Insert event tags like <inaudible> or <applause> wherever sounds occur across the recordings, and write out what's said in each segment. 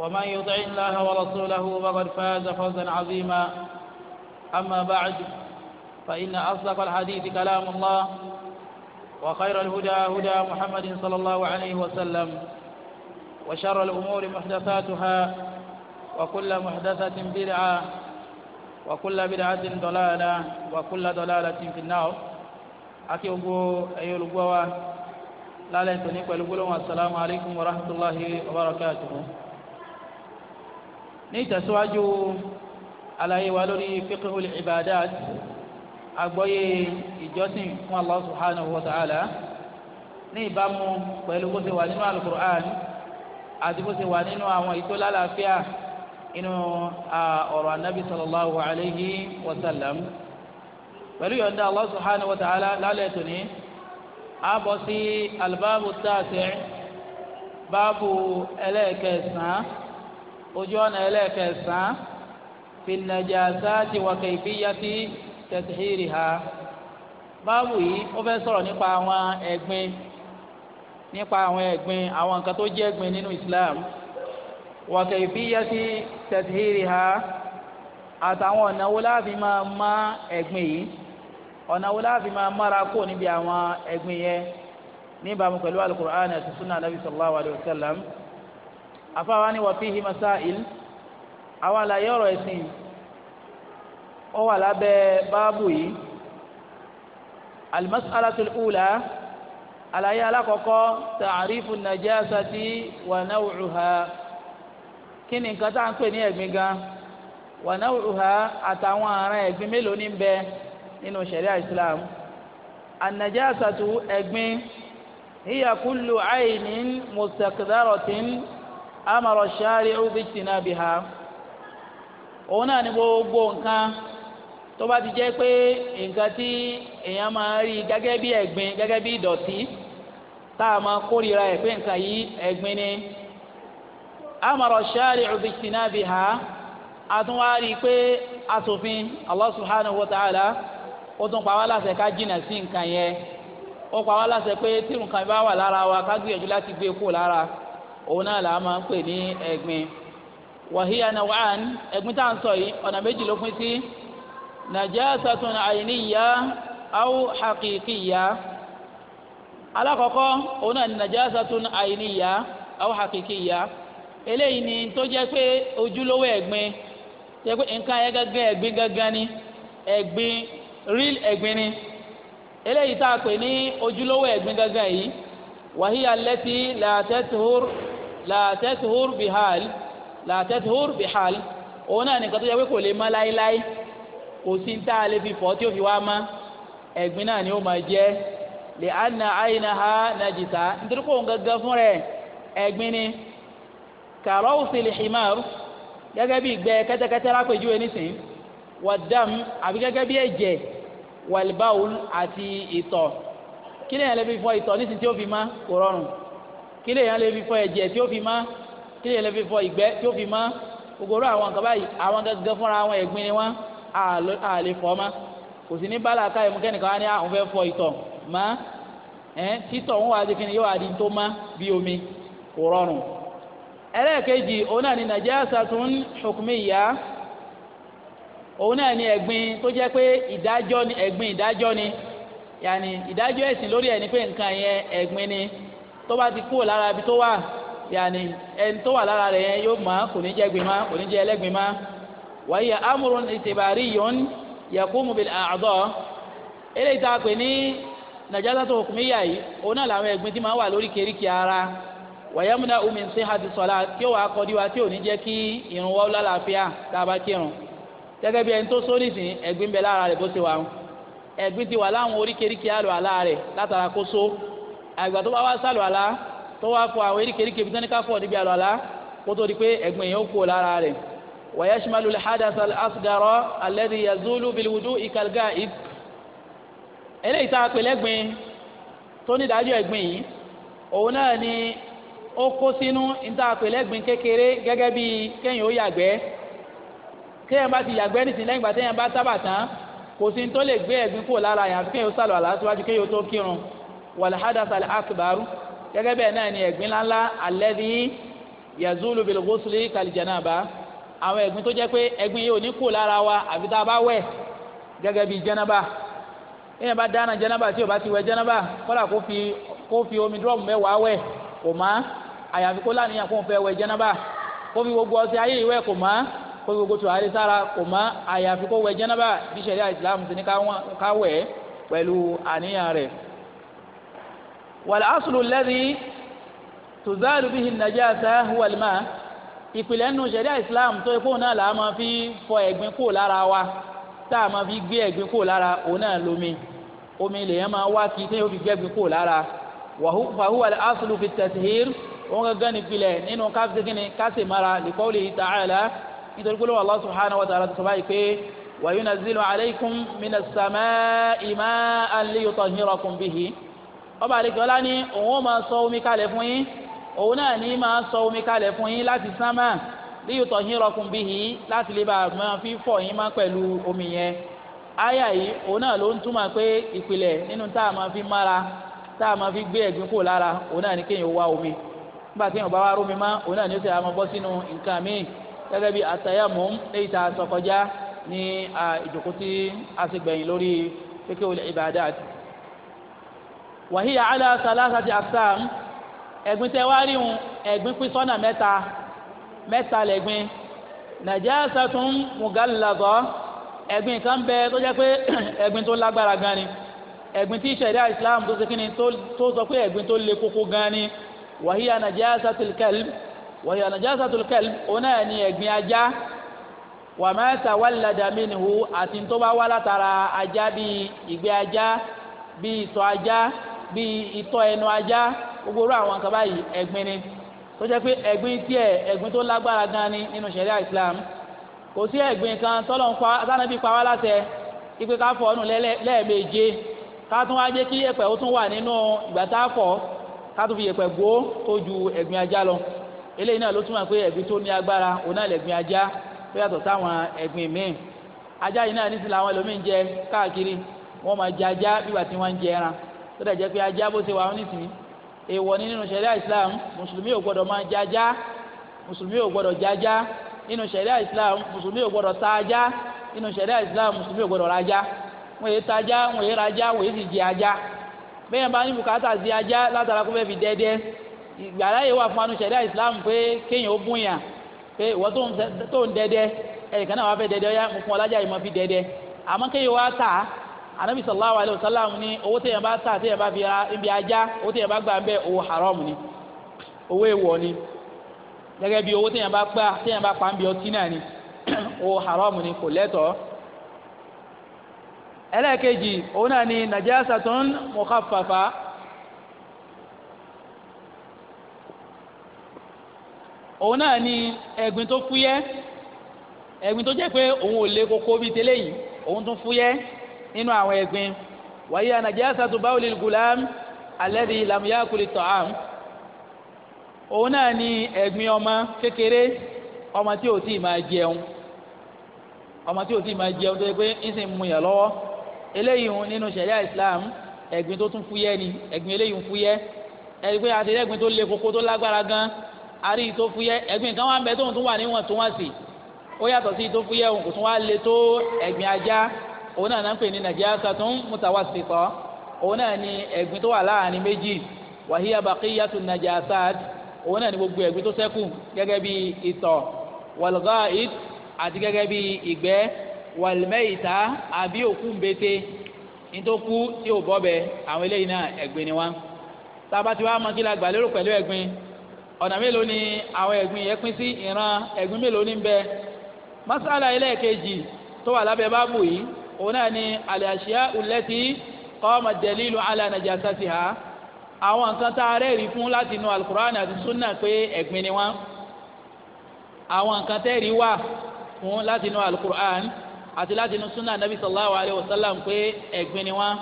ومن يطع الله ورسوله فقد فاز فوزا عظيما أما بعد فإن أصدق الحديث كلام الله وخير الهدى هدى محمد صلى الله عليه وسلم وشر الأمور محدثاتها وكل محدثة بدعة وكل بدعة ضلالة وكل ضلالة في النار أكيبو أيها الأخوة لا ليتني السلام عليكم ورحمة الله وبركاته ní ìtẹ̀síwájú àlàyé wa lórí fiqhul ibadat àgbọ́yé ìjọsìn fún Allah subhanahu wa ta'ala ní ìbámu pẹ̀lú bó ṣe wà nínú alukur'an àti bó ṣe wà nínú àwọn ìtọ́lá àlàáfíà inú ọ̀rọ̀ anabi sallallahu alayhi wa sallam pẹ̀lú yọ̀ǹda Allah subhanahu wa ta'ala lálẹ́ tòní àbọ̀ sí tààtẹ̀ báàbù ẹlẹ́ẹ̀kẹsàn-án ojú ọ̀nà ẹlẹ́ẹ̀kẹsàn-án fi najasati wa kayfiyati tathiriha báàbù yìí ó fẹ́ sọ̀rọ̀ nípa àwọn ẹ̀gbin nípa àwọn ẹ̀gbin àwọn nǹkan tó jẹ́ ẹ̀gbin nínú Islam wa kayfiyati tathiriha àtàwọn ọ̀nà wo láàfin máa má ẹ̀gbin yìí ọ̀nà wo láàfin máa mára kó níbi àwọn ẹ̀gbin yẹn níbàámu pẹ̀lú alukur'an àti sunnah nabi sallallahu alayhi wa sallam afáwa ni wà fíhi masáìl àwọn àlàyé ọ̀rọ̀ ẹ̀sìn ó wà lábẹ́ báàbù yìí almasalatul ula àlàyé alákọ̀ọ́kọ́ tààrífù najásati wà náwùrùhà kí ni nǹkan tá à ń gan wà náwùrùhà àtàwọn àrùn ẹ̀gbin mélòó ní bẹ nínú ṣẹ̀ríà islam annajásatu ẹ̀gbin hiya kullu aynin amara ṣáàrí ọ̀bìtìnà bí ha òun náà ni gbogbo nǹkan tó bá ti jẹ́ pé nǹkan tí èèyàn máa rí gẹ́gẹ́ bí ẹ̀gbin gẹ́gẹ́ bí ìdọ̀tí tá a máa pé nǹkan yìí ni amara ha a pé asòfin Allah subhanahu wa ó tún pa wá láṣẹ ká jìnnà sí nǹkan yẹn ó pa wá láṣẹ pé tí nǹkan bá wà lára wa ká òun náà là á máa ń pè ní wàhíyà tá à ń sọ yìí ọ̀nà méjì ló pín sí alákọ̀ọ́kọ́ òun náà ni eléyìí ni tó jẹ́ pé ojúlówó ẹ̀gbin jẹ́ pé nǹkan ayé gángan ẹ̀gbin gángan ni ẹ̀gbin real ẹ̀gbin ni eléyìí tá a pè ní ojúlówó gángan yìí wàhíyà la tashur bihal la tashur bihal òun náà nìkan tó yẹ pé kò lè mọ́ láéláé kò sí ní tá a lè fi fọ́ tí ó fi wá mọ́ ẹ̀gbin náà ni ó máa jẹ́ lè anna aynaha najisa nítorí kò ń gángan fún rẹ̀ ẹ̀gbin ni karausil himar gẹ́gẹ́ bí ìgbẹ́ kẹ́tẹ́kẹ́tẹ́ lápèjúwe nísìnyí wàdàm àbí gẹ́gẹ́ bí ẹ̀jẹ̀ wàlbáwul àti ìtọ̀ kí ni ẹ̀ lè fi fọ ìtọ̀ nísìnyí tí ó fi mọ́ kò rọrùn kí lè yàn lè fi fọ ẹ̀jẹ̀ tí ó fi má kí lè yàn lè fi fọ ìgbẹ́ tí ó fi má gbogbo àwọn nǹkan báyìí àwọn gẹ́gẹ́ fúnra àwọn ẹ̀gbin ni wọ́n à lè fọ́ ma kò sí ní bálà ká ẹ̀mú kẹ́nìkan wá ní àwọn fẹ́ fọ ìtọ̀ má ẹ̀ títọ̀ ń wá di kí ni yóò wá di tó má bí omi kò rọrùn. ẹlẹ́ẹ̀kejì òun náà ni najasatun hukmiyya òun náà ni ẹ̀gbin tó jẹ́ pé ìdájọ́ ni ẹ̀gbin ìdájọ́ ni yàní ìdájọ́ ẹ̀sìn lórí ẹ̀ ni pé nǹkan yẹn ẹ̀gbin ni tó bá ti kúrò lára ibi tó wà yàní ẹni tó wà lára rẹ̀ yẹn yóò mọ̀ kò ní jẹ́ gbin má kò ní jẹ́ ẹlẹ́gbin má wàyí amúrun ìtìbàrí yòn yakumu bil àdọ́ eléyìí tá a pè ní nàjàdá tó hùkùmí yà yìí òun náà làwọn ẹ̀gbin tí máa wà lórí kéríkì ara wàyámúná omi ṣe hàti sọ̀la tí ó wàá kọ́dí wa tí ò ní jẹ́ kí irun wọ́ lálàáfíà tá a bá kírun gẹ́gẹ́ bí ẹni tó sórí ìsìn ẹ̀gbin bẹ lára rẹ̀ bó ṣe wà ń ẹ̀gbin ti wà láwọn oríkèéríkè àlọ́ àlá àgbà tó bá wá sálù àlá tó wá fọ àwọn eríkèéríkèé bí tẹ́nìká fọ̀ níbi àlọ́ àlá kó tó di pé ẹ̀gbìn yẹn ó kú lára rẹ̀ wa yashmalu al-hadatha al yazulu bil ikalga ib. ghaib eléyìí tá a pè lẹ́gbìn tó ní dájú ẹ̀gbìn yìí òun náà ni ó kó sínú níta pè lẹ́gbìn kékeré gẹ́gẹ́ bí kéèyàn ó yàgbẹ́ kéèyàn bá ti yàgbẹ́ nísìnyí lẹ́yìn ìgbà téèyàn bá sábà tán kò sí ní tó lè gbé ẹ̀gbìn kúrò lára yàn kéèyàn ó sálọ àlá síwájú kéèyàn ó tó kírun walhadasa al-akbaru gẹ́gẹ́ bẹ́ẹ̀ náà ni ẹ̀gbin ńláńlá alladhi yazulu bil ghusli kàlìjànàbà àwọn ẹ̀gbin tó jẹ́ pé ẹ̀gbin yìí ò ní kú lára wa àfi tá a bá wẹ̀ gẹ́gẹ́ bíi jẹ́nàbà ìyẹn bá dáná jẹ́nàbà tí o bá ti wẹ̀ jẹ́nàbà kọ́dà kó fi kó fi omi dúrọ́ọ̀mù mẹ́wàá wẹ̀ kò má àyàfi kó láníyàn kó fẹ́ wẹ̀ jẹ́nàbà kó fi gbogbo ọtí ayé ìwẹ̀ kò má kó fi gbogbo tùwárí sára kò má àyàfi kó wẹ̀ jẹ́nàbà bí ṣẹ̀ríà ìsìlámù ti ní ká wẹ̀ pẹ̀lú àníyàn rẹ̀ wal الذي تزال به النجاسة an-najasa huwa al-ma' ìpìlẹ̀ nínú ṣẹ̀ríà islam tó ikú náà là á máa fi fọ ẹ̀gbin kúrò lára wa tá a máa fi gbé ẹ̀gbin kúrò lára òun náà lomi omi lèèyàn máa wá kí téèyàn fi gbẹ́gbin kúrò lára fa huwa al-aslu fi at-tathhir òun gangan ìpìlẹ̀ nínú káfíńsìkìnì kásìmára li qawlihi ta'ala nítorí pé lọ́wọ́ Allah subhanahu wa ta'ala ti báyìí pé wa yunazzilu alaykum minas sama'i ma'an ọba àlejò ọlá ní òun ó máa sọ omi kalẹ̀ fún yín òun náà ní máa sọ omi kalẹ̀ fún yín láti sánmà líyùtọ̀ yín rọkùn bí yìí láti lè bá a máa fi fọ̀ yín má pẹ̀lú omi yẹn àyà yìí òun náà ló ń túmọ̀ pé ìpìlẹ̀ nínú tá a máa fi mára tá a máa fi gbé ẹ̀gbin kò lára òun náà ní kéèyàn wá omi nígbà téèyàn bá wá rómi má òun náà ní ó sì máa bọ́ sínú nǹkan míì gẹ́gẹ́ bí àtàyàmú léyìí tá a sọ wàhíyà ala salasati aqsam ẹ̀gbin tẹ́ wá rí wọn ẹ̀gbin pín sọ́nà mẹ́ta mẹ́ta lẹ́gbin najasatun mughalladha ẹ̀gbin kan bẹ tó jẹ́ pé <clears throat> ẹ̀gbin tó lágbára gan ni ẹ̀gbin tí ṣẹ̀ríà islam tó ṣe kí ni tó sọ pé ẹ̀gbin tó le koko gan ni wàhíyà najasatul kalb wàhíyà najasatul kalb òun náà ni ẹ̀gbin ajá wàmẹ́ tawalada minhu àti ntọ́ba wà látara ajá bíi ìgbẹ́ ajá bíi ìtọ̀ ajá bíi itọ́ ẹnu ajá gbogbo orú àwọn nǹkan báyìí ẹ̀gbin ni tó jẹ́ pé ẹ̀gbin tiẹ̀ ẹ̀gbin tó lágbára gan ni nínú ṣẹ̀ríà Islam kò sí ẹ̀gbin kan tọ́lọ̀ ń pa sanabi pa wá láṣẹ ipe ká fọ ọ̀nù lẹ́ẹ̀méje ká tún wá jẹ́ kí ẹ̀pẹ̀ ó tún wà nínú ìgbà tá a fọ ká tún fi ẹ̀pẹ̀ gbó tó ju ẹ̀gbin ajá lọ eléyìí náà ló túmọ̀ pé ẹ̀gbin tó ní agbára òun náà lẹ̀gbin ajá tó dẹ̀ jẹ́ pé ajá bó ṣe wà ó nísìnyí èèwọ̀ ni nínú ṣẹ̀ríà islam mùsùlùmí ò gbọ́dọ̀ máa jájá mùsùlùmí ò gbọ́dọ̀ jájá nínú ṣẹ̀ríà islam mùsùlùmí ò gbọ́dọ̀ tájá nínú ṣẹ̀ríà islam mùsùlùmí ò gbọ́dọ̀ rajá wọ́n yé tájá wọ́n yé rajá wọ́n yé sì jẹ ajá bẹ́ẹ̀ bá ní bùkátà sí ajá látara kó fẹ́ fi dẹ́dẹ́ ìgbàlá yìí wà fún anú ṣẹ̀ríà islam pé kéèyàn ó bún yàn pé ìwọ tó ń dẹ́dẹ́ ẹnìkan náà wà fẹ́ dẹ́dẹ́ ọyá mo fún ọ anabi sallallahu alayhi wa sallam ní owó téèyàn bá tà téèyàn bá fi ibi ajá owó téèyàn bá gbà ń owó haram ni owó èèwọ̀ ni gẹ́gẹ́ bí owó téèyàn bá gbà téèyàn bá pa ń ọtí náà ni <clears throat> owó haram ni kò lẹ́tọ̀ọ́ ẹlẹ́ẹ̀kejì òun náà ni najasatun mukhaffafa òun náà ni ẹ̀gbin tó fúyẹ́ ẹ̀gbin tó jẹ́ pé òun ò le koko bíi tẹ́lẹ̀ yìí òun tún fúyẹ́ nínú àwọn ẹ̀gbin wàyí najasatu bawlil gulam alladhi lam yakul ta'am òun náà ni ẹ̀gbin ọmọ kékeré ọmọ tí ò tí ì máa jẹun ọmọ tí ò tí ì máa jẹun tó yẹ pé ń sì mú yàn lọ́wọ́ eléyìí nínú ṣẹ̀ríà Islam ẹ̀gbin tó tún fúyẹ́ ni ẹ̀gbin eléyìí ń fúyẹ́ ẹ̀rí pé àti ẹ̀gbin tó le koko tó lágbára gan àrí tó fúyẹ́ ẹ̀gbin kan wà ń bẹ tóun tún wà níwọ̀n tó wọ́n sì ó yàtọ̀ sí tó fúyẹ́ òun kò tún wá le tó ẹ̀gbin ajá òun náà náà ń pè ní najasatun mutawassita òun náà ní ẹ̀gbin tó wà láàrin méjì wa hiya baqiyatun najasat òun náà ní gbogbo ẹ̀gbin tó ṣẹ́kù gẹ́gẹ́ bí ìtọ̀ wal gha'it àti gẹ́gẹ́ bí ìgbẹ́ wal mayta àbí òkú mbete nítòkú tí ò bọ́bẹ̀ àwọn eléyìí náà ẹ̀gbin ni wọn. tába tí wàá la gbà pẹ̀lú ẹ̀gbin ọ̀nà mélòó ni àwọn ẹ̀gbin yẹn pín sí ìran ẹ̀gbin mélòó ní bẹ. masala ẹlẹ́ẹ̀kejì tó wà lábẹ́ báàbù yìí òun náà ni àlàṣíà ulẹ́tì kọ́mọ dẹ̀lílù alànàjà sásì ha àwọn nǹkan tá a rẹ́ẹ̀rí fún láti inú alukur'an àti sunna pé ẹ̀gbin ni wọ́n àwọn nǹkan tẹ́ẹ̀rí wà fún láti inú alukur'an àti láti inú sunna nabi sallallahu alayhi wa sallam pé ẹ̀gbin ni wọ́n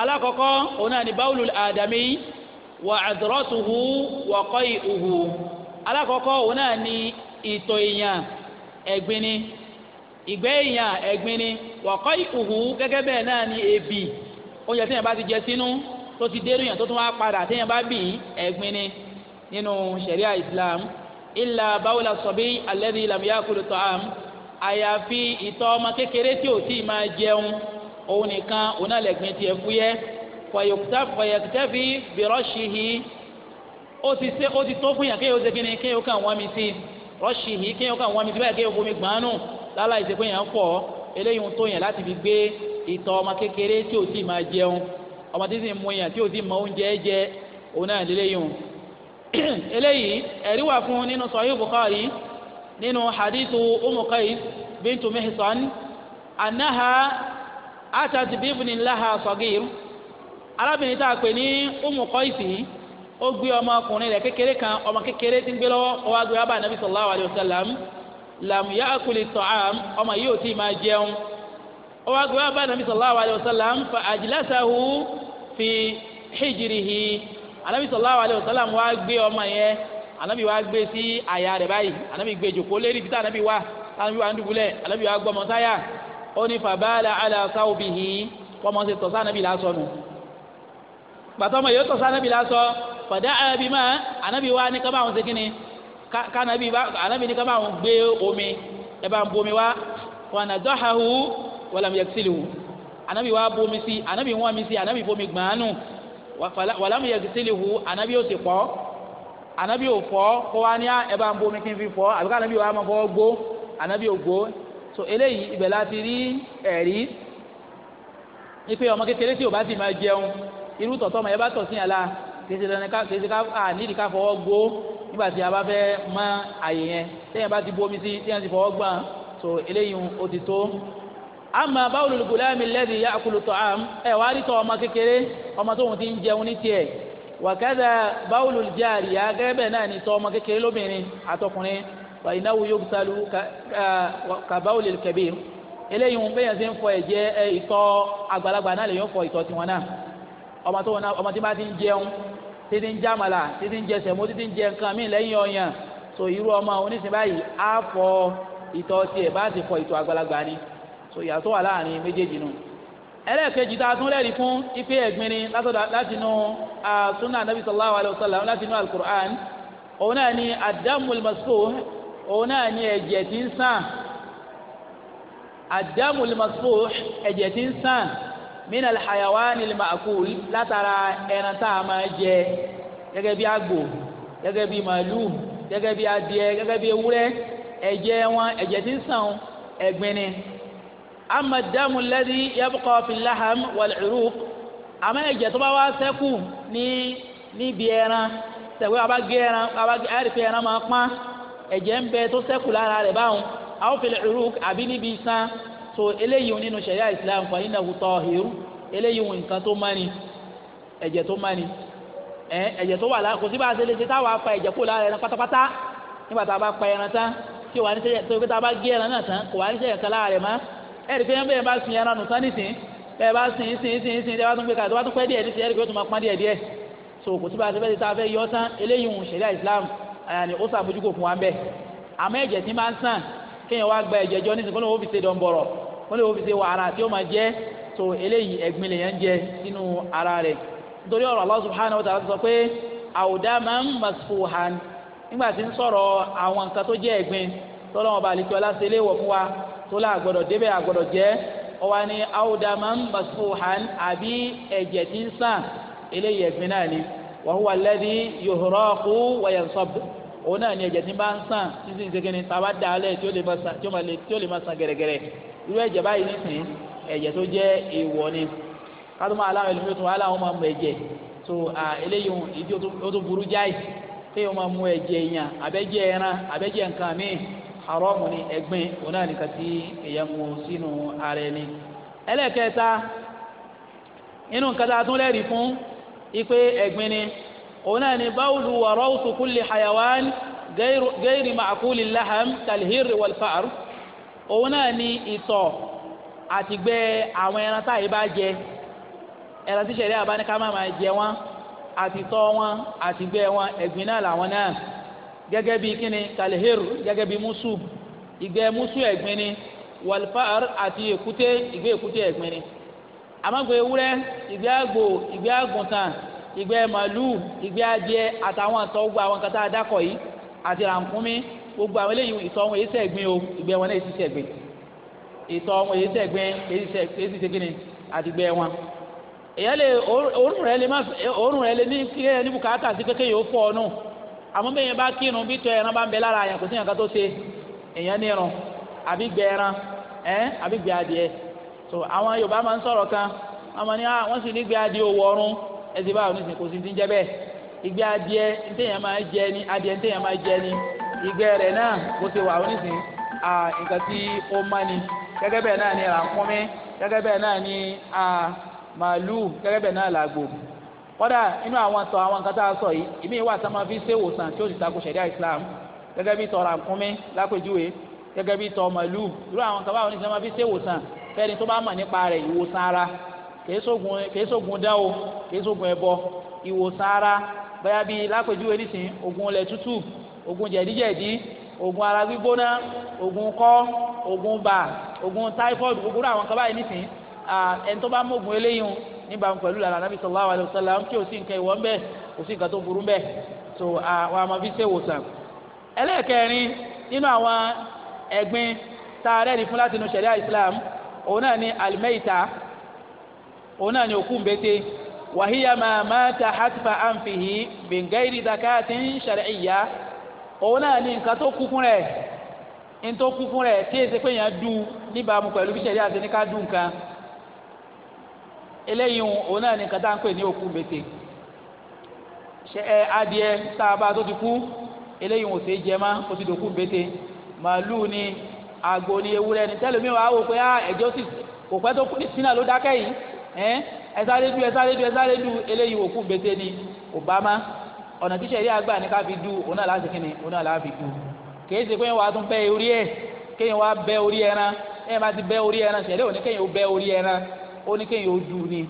alakọ̀kọ́ òun náà ni báwùlù àdàmì wà àdúrọ́tùhù wà kọ́ì ùhù alakọ̀kọ́ òun ni ìtọ̀ èèyàn ẹ̀gbin ni ìgbẹ́ èèyàn ẹ̀gbin ni wọ̀kọ́ ìkùhù gẹ́gẹ́ bẹ́ẹ̀ náà ni ebi oúnjẹ tí yẹn bá ti jẹ sínú tó ti dérú yẹn tó tún wá padà tí bá bì í ẹ̀gbin ni nínú ṣẹ̀ríà Islam ìlà báwòlá sọ̀bí alẹ́dí làmúyàkúrò tọ́ àm àyàfi ìtọ́ ọmọ kékeré tí ò tí ì máa jẹun òun nìkan òun náà lẹ̀gbin tiẹ̀ fúyẹ́ fọyẹ̀kùtẹ́fì bìrọ̀ṣìhì ó ti ṣe ó ti tó fún yàn kéèyàn ó ṣe kéèyàn kàn wọ́n mi sí rọ́ṣìhì kéèyàn kàn wọ́n mi sí báyìí kéèyàn fomi gbàánù lálá ìsèpé yẹn fọ eléyìí ń tó yẹn láti fi gbé ìtọ̀ ọmọ kékeré tí o tí máa jẹun ọmọ tí sì ń mu yẹn tí ò tí ì oúnjẹ jẹ òun náà o <clears throat> eléyìí ẹ̀rí sahih bukhari nínú hadithu umu bintu mihsan anaha atat bibni laha sagir arábìnrin tá a pè ní umu ó gbé ọmọkùnrin rẹ̀ kékeré kan ọmọ kékeré tí ń gbé lọ́wọ́ ọwọ́ làmúyá àkùlì tọ́ám ọmọ yìí ò tí ì máa jẹun ó wá gbé bá nàbí sallallahu sallam fa ajlasahu fi hijrihi anabi sallallahu alayhi wa sallam wá gbé ọmọ yẹn anabi wá gbé sí àyà rẹ̀ báyìí anabi gbé jòkó lérí títà anabi wá anabi wá ń anabi wá gbọmọ táyà ó ní fàbálà aláṣáwò bì hí kọ́mọ ṣe tọ̀sán anábì lásọ nù. gbàtọ́ ọmọ yìí ó tọ̀sán anábì lásọ fàdá àbí mọ́ anábì kánábì bá ànábì ní ká bá wọn gbé omi ẹ bá ń bomi wá wọn àná dọ́hàhù wọn làmì yẹtìlì wù ànábì wá bomi sí ànábì wọn mi sí ànábì bomi gbàánù wọn làmì yẹtìlì wù ànábì ó sì pọ̀ ànábì ò fọ̀ kó wá ní ah, ẹ bá ń bomi kí n fi fọ̀ àbíká ànábì wá máa fọ̀ gbó ànábì ò gbó so eléyìí ibẹ̀ láti rí ẹ̀rí ní pé ọmọ kékeré tí ò bá sì máa jẹun irú tọ̀tọ̀ ọmọ yẹn bá tọ̀ sí yàrá kèsì ká nídìí ká fọwọ́ gbó nígbà tí a bá fẹ́ mọ àyè yẹn téèyàn bá ti bu omi sí téèyàn ti fọwọ́ gbọ́n so eléyìí ó ti tó ama báwo lulu gulami lẹ́dí ya akulu am ẹ wàá rí tọ́ ọmọ kékeré ọmọ tó ń ti ń jẹun ní tiẹ̀ wàkàdà báwo lulu jaari ya gẹ́gẹ́ náà ni tọ́ ọmọ kékeré lóbìnrin àtọkùnrin wà ináwó yóò salu ka báwo lulu kẹbíir eléyìí ń bẹ́yẹn sí ń fọ ẹ̀jẹ̀ ìtọ̀ àgbàlagbà náà lè yóò fọ ìtọ̀ tiwọn náà ọmọ tó ń títí ń jámàlà títí ń jẹ sẹ̀mó títí ń jẹ nǹkan míì lẹ́yìn ọ̀yàn so irú ọmọ oníṣẹ́ báyìí á fọ ìtọ̀ tiẹ̀ bá ti fọ ìtọ̀ àgbàlagbà ni so ìyàtọ̀ wà láàrin méjèèjì nù. ẹlẹ́ẹ̀kejì tá a tún lẹ́rìí fún ife ẹ̀gbin ni láti nu sunna nabi sallallahu alayhi wa sallam láti nu alukur'an òun náà ni adamul masfuh òun náà ni ẹ̀jẹ̀ tí ń sàn adamul masfuh ẹ̀jẹ̀ tí ń sàn mina alhayawaani lima akul látara ẹran tá a máa jẹ gẹ́gẹ́ bí àgbò gẹ́gẹ́ bí màálù gẹ́gẹ́ bí adìẹ gẹ́gẹ́ bí ewúrẹ́ ẹ̀jẹ̀ wọn ẹ̀jẹ̀ tí ń sàn ẹ̀gbin ni ama dàmú lẹ́dí yabukọ filaham wàlúurú àmọ́ ẹ̀jẹ̀ tó bá wá ṣẹ́kù ní níbi ẹran tẹ̀wé abá gé ẹran abá gé ẹ̀rìfẹ́ ẹran máa pọ́n ẹ̀jẹ̀ ń bẹ tó ṣẹ́kù lára rẹ̀ báwọn àwọn fìlẹ̀ uruk àbí so eléyìí wọn nínú ṣẹ̀ríà islam fa innahu tahiru eléyìí wọn nǹkan tó mọ́ ni ẹ̀jẹ̀ tó mọ́ ni ẹ̀jẹ̀ tó wà lára kò sí bá a ṣe lè ṣe táwa fa ẹ̀jẹ̀ kó lára ẹran pátápátá nígbà tá a bá pa ẹran tán tí wàá ní sẹ́yìn tó tá a bá gé ẹran náà tán kò wàá ní sẹ́yìn kan lára rẹ̀ mọ́ ẹ̀rí pé bẹ́ẹ̀ bá sun ẹran nù tán nìsín bẹ́ẹ̀ bá sin sin sin sin bẹ́ẹ̀ bá tún gbé kalẹ̀ tó bá tún pẹ́ díẹ̀ nìsín ẹ̀rí pé ó tún máa pọ́n díẹ̀ díẹ̀ so kò wọ́n lè wọ́n fi ṣe wàhálà tí ó máa jẹ́ tó eléyìí ẹ̀gbin lèèyàn jẹ nínú ara rẹ̀ nítorí ọ̀rọ̀ Allah subhanahu wa ta'ala sọ pé awdaman masfuhan nígbà tí ń sọ̀rọ̀ àwọn nǹkan tó jẹ́ ẹ̀gbin tọ́lọ́wọ́n bá àlejò ọlá ṣẹlẹ̀ wọ̀ fún wa tó lá àgbọ̀dọ̀ débẹ̀ àgbọ̀dọ̀ jẹ́ ọwa ni awdaman masfuhan àbí ẹ̀jẹ̀ tí ń sàn eléyìí ẹ̀gbin náà ni wa huwa alladhi yuhraqu wa yansab òun náà ni ẹ̀jẹ̀ tí bá ń sàn tí sì tàbá dà tí ó lè máa sàn gẹ̀rẹ́gẹ̀rẹ́ irú ẹ̀jẹ̀ báyìí nísìnyí ẹ̀jẹ̀ tó jẹ́ èèwọ̀ ni kátó máa láwọn ẹlòmíràn tó wà láwọn máa mú ẹ̀jẹ̀ tó eléyìí ìdí ó tó burú jáì téèyàn máa mú ẹ̀jẹ̀ èèyàn abẹ́jẹ̀ ẹran abẹ́jẹ̀ nǹkan míì àrọ́ọ̀mù ni ẹ̀gbin òun náà nìkan tí èèyàn mú sínú ara ẹni. ẹlẹ́ẹ̀kẹta inú nǹkan tá a tún lẹ́rìí fún ipe ẹ̀gbin ni òun náà ni báwùlù wà rọ́ọ̀sù kulli hayawan gẹ́rì màkúlì láhàm tàlhírì wàlfàr òun náà ni ìtọ̀ àtìgbẹ́ àwọn ẹran táyé bá jẹ ẹran tí sẹ̀rí àbá ní ká má máa jẹ wọn àtìtọ̀ wọn àtìgbẹ́ wọn ẹ̀gbin náà làwọn náà gẹ́gẹ́ bíi kíni kàlẹ́hẹ́rù gẹ́gẹ́ bíi mùsù ìgbẹ́ mùsù ẹ̀gbin ni wàlfàr àti èkúté ìgbẹ́ èkúté ẹ̀gbin ni àmọ́gbẹ́ ewúrẹ́ ìgbẹ́ àgbò ìgbẹ́ àgùntàn ìgbẹ́ màlúù ìgbẹ́ adìẹ àtàwọn àtọ́ àwọn kata adákọ̀ yìí àti rànkúmí gbogbo àwọn eléyìí ìtọ̀ wọn èyí sẹ́gbin o ìgbẹ́ wọn náà èyí sẹ́gbin ìtọ̀ wọn èyí sẹ́gbin èyí sẹ́gbin àdìgbẹ́ wọn. èyàn lè òórùn rẹ lè má òórùn rẹ lè ní kíkẹ́ ní bùkátà sí kékeré yóò fọ́ ọ̀nù àmọ́ bẹ́ẹ̀ yẹn bá kírun bí tọ́ ẹran bá ń bẹ lára àyàn kò sí nǹkan tó ṣe èyàn ní irun àbí gbẹ ẹran ẹ àbí ni ah, wọ́n sì ní gbẹ adìẹ kò sí ti ń bẹ́ẹ̀ ìgbẹ́ adìẹ máa jẹ ìgbẹ́ rẹ̀ náà bó ṣe wà oníṣìn nǹkan tí ó má ni gẹ́gẹ́ bẹ́ẹ̀ náà ni ràkúnmí gẹ́gẹ́ bẹ́ẹ̀ náà ni màálù gẹ́gẹ́ bẹ́ẹ̀ náà làgbò kódà inú àwọn sọ àwọn nǹkan tá a sọ yìí ìmí ìwà tá a máa fi ṣe ìwòsàn tí ó sì takò ṣẹ̀dá Islam gẹ́gẹ́ bí tọ́ ràkúnmí lápèjúwe gẹ́gẹ́ bí tọ́ màálù irú àwọn nǹkan báwọn oníṣẹ́ máa fi ṣe ìwòsàn fẹ́ni tó bá mọ̀ nípa rẹ̀ ìwòsàn ara kìí sógun dán o kìí sógun ẹbọ ìwòsàn ara bóyá bíi lápèjúwe nísìnyí ogun ilẹ̀ tútù ogun jẹ̀díjẹ̀dí ogun ara gbígbóná ogun kọ́ ogun bà ogun typhoid gbogbo àwọn kan báyìí nìsín ẹni tó bá mú ogun eléyìí níbàámu pẹ̀lú lànà nàbì sallallahu alaihi wasallam kí o sì nǹkan ìwọ ńbẹ o sì nǹkan tó burú ńbẹ so àwọn àmọ́ fi ṣe wòsàn. ẹlẹ́ẹ̀kẹrin nínú àwọn ẹ̀gbin tá a rẹ́ni fún láti inú ṣẹ̀ríà Islam òun náà ni alimẹ́yìta òun náà ni òkú mbete wàhíyàmà máa ta hàtìfà àǹfìhì bìngẹ́rì dàkàtì ń ṣàrẹ̀ ìyá òun náà ní nǹkan tó kú fún rẹ̀ ní tó kú fún rẹ̀ tí èsì pé yẹn dùn níbàámu pẹ̀lú bí sẹ̀rí àti ní dùn nǹkan eléyìí òun náà ní nǹkan tá à ń pè a bá tó ti kú eléyìí òun ò sì jẹ ti dòkú ni àgbo ni ewúrẹ́ ni tẹ́lẹ̀mí wàá wò pé ah, ẹ̀jọ́ sì kò pẹ́ tó kú ní yìí du du du eléyìí òkú ni ọ̀nà tí sẹ̀rí àgbà ní ká fi du òun náà láti kíni òun náà láti fi du kìí ṣe pé wà á tún bẹ́ orí ẹ̀ kéèyàn wá bẹ́ orí ẹran ẹ̀ máa ti bẹ́ orí ẹran sẹ̀rí òní kéèyàn ó bẹ́ orí ẹran ó ní kéèyàn ó du ni